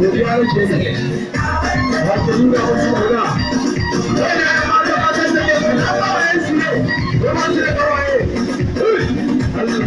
yanzu ya rage guda wani ya kawaye Allah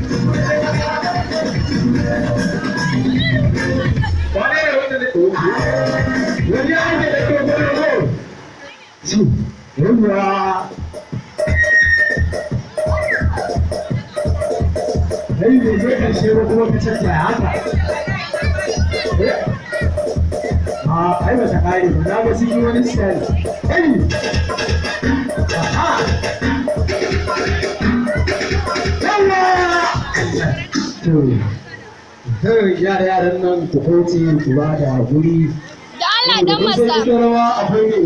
ci yawwa sai ne zai kashe ba kuma ka canza haka a kai ba ta na ga sun yi wani style kai yara yaran nan ku kotu ku ba da guri Allah dan masa akwai ne